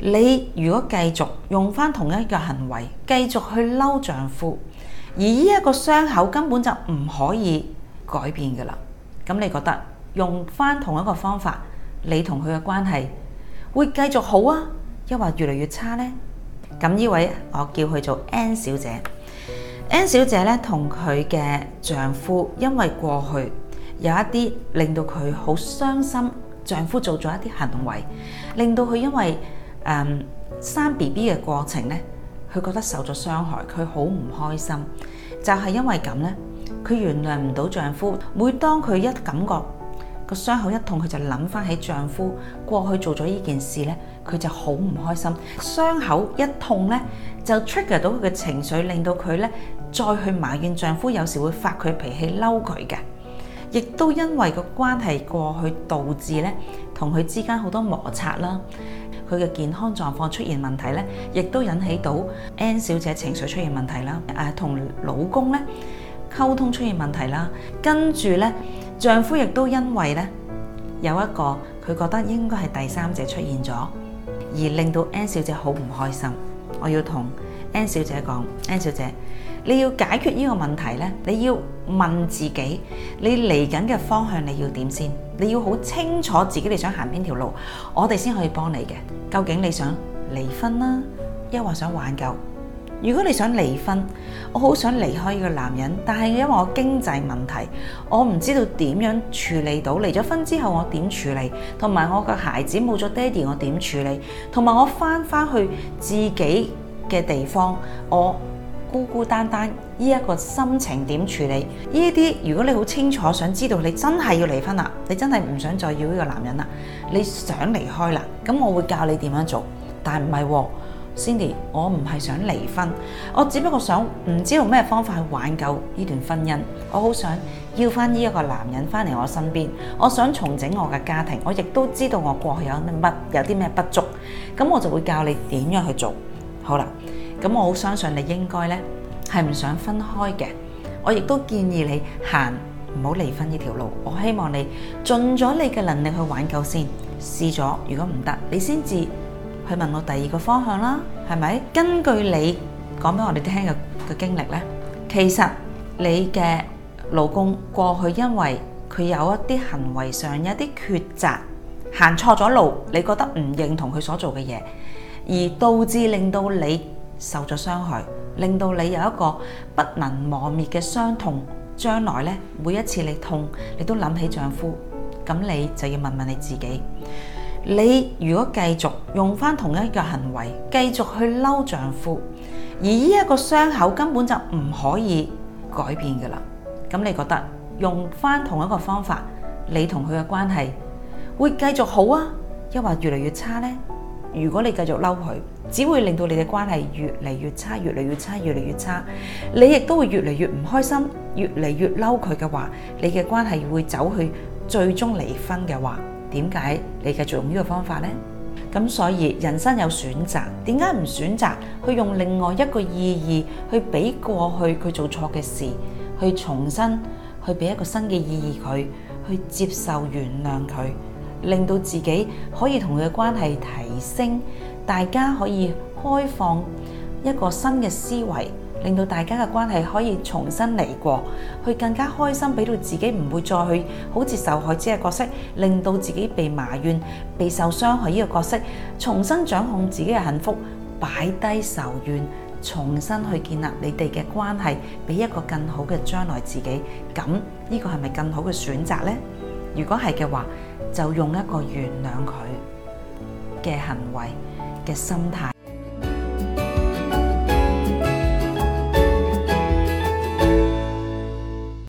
你如果繼續用翻同一個行為，繼續去嬲丈夫，而呢一個傷口根本就唔可以改變㗎喇。咁你覺得用翻同一個方法，你同佢嘅關係會繼續好啊，抑或越嚟越差呢？咁呢位我叫佢做 N 小姐 ，N 小姐咧同佢嘅丈夫因為過去有一啲令到佢好傷心，丈夫做咗一啲行為，令到佢因為誒、um, 生 B B 嘅過程咧，佢覺得受咗傷害，佢好唔開心。就係、是、因為咁咧，佢原諒唔到丈夫。每當佢一感覺個傷口一痛，佢就諗翻起丈夫過去做咗呢件事咧，佢就好唔開心。傷口一痛咧，就 trigger 到佢嘅情緒，令到佢咧再去埋怨丈夫，有時會發佢脾氣嬲佢嘅。亦都因為個關係過去導致咧同佢之間好多摩擦啦。佢嘅健康狀況出現問題咧，亦都引起到 N 小姐情緒出現問題啦。誒、啊，同老公咧溝通出現問題啦、啊，跟住咧丈夫亦都因為咧有一個佢覺得應該係第三者出現咗，而令到 N 小姐好唔開心。我要同 N 小姐講：N 小姐，你要解決呢個問題呢？你要問自己，你嚟緊嘅方向你要點先？你要好清楚自己你想行邊條路，我哋先可以幫你嘅。究竟你想離婚啦，又話想挽救？如果你想離婚，我好想離開呢個男人，但係因為我經濟問題，我唔知道點樣處理到離咗婚之後我點處理，同埋我個孩子冇咗爹哋我點處理，同埋我翻翻去自己。嘅地方，我孤孤單單，依一個心情點處理？呢啲如果你好清楚，想知道你真係要離婚啦，你真係唔想再要呢個男人啦，你想離開啦，咁我會教你點樣做。但係唔係，Cindy，我唔係想離婚，我只不過想唔知用咩方法去挽救呢段婚姻。我好想要翻呢一個男人翻嚟我身邊，我想重整我嘅家庭。我亦都知道我過去有啲乜有啲咩不足，咁我就會教你點樣去做。好啦，咁我好相信你應該呢係唔想分開嘅。我亦都建議你行唔好離婚呢條路。我希望你盡咗你嘅能力去挽救先，試咗。如果唔得，你先至去問我第二個方向啦，係咪？根據你講俾我哋聽嘅嘅經歷呢，其實你嘅老公過去因為佢有一啲行為上有一啲抉擇，行錯咗路，你覺得唔認同佢所做嘅嘢。而導致令到你受咗傷害，令到你有一個不能磨滅嘅傷痛。將來呢，每一次你痛，你都諗起丈夫，咁你就要問問你自己：你如果繼續用翻同一個行為，繼續去嬲丈夫，而呢一個傷口根本就唔可以改變噶啦。咁你覺得用翻同一個方法，你同佢嘅關係會繼續好啊，抑或越嚟越差呢？如果你繼續嬲佢，只會令到你嘅關係越嚟越差，越嚟越差，越嚟越差。你亦都會越嚟越唔開心，越嚟越嬲佢嘅話，你嘅關係會走去最終離婚嘅話，點解你繼續用呢個方法呢？咁所以人生有選擇，點解唔選擇去用另外一個意義去俾過去佢做錯嘅事，去重新去俾一個新嘅意義佢，去接受原諒佢？令到自己可以同佢嘅關係提升，大家可以開放一個新嘅思維，令到大家嘅關係可以重新嚟過，去更加開心，俾到自己唔會再去好似受害者嘅角色，令到自己被埋怨、被受傷害呢個角色，重新掌控自己嘅幸福，擺低仇怨，重新去建立你哋嘅關係，俾一個更好嘅將來自己。咁呢、這個係咪更好嘅選擇呢？如果係嘅話，就用一個原諒佢嘅行為嘅心態。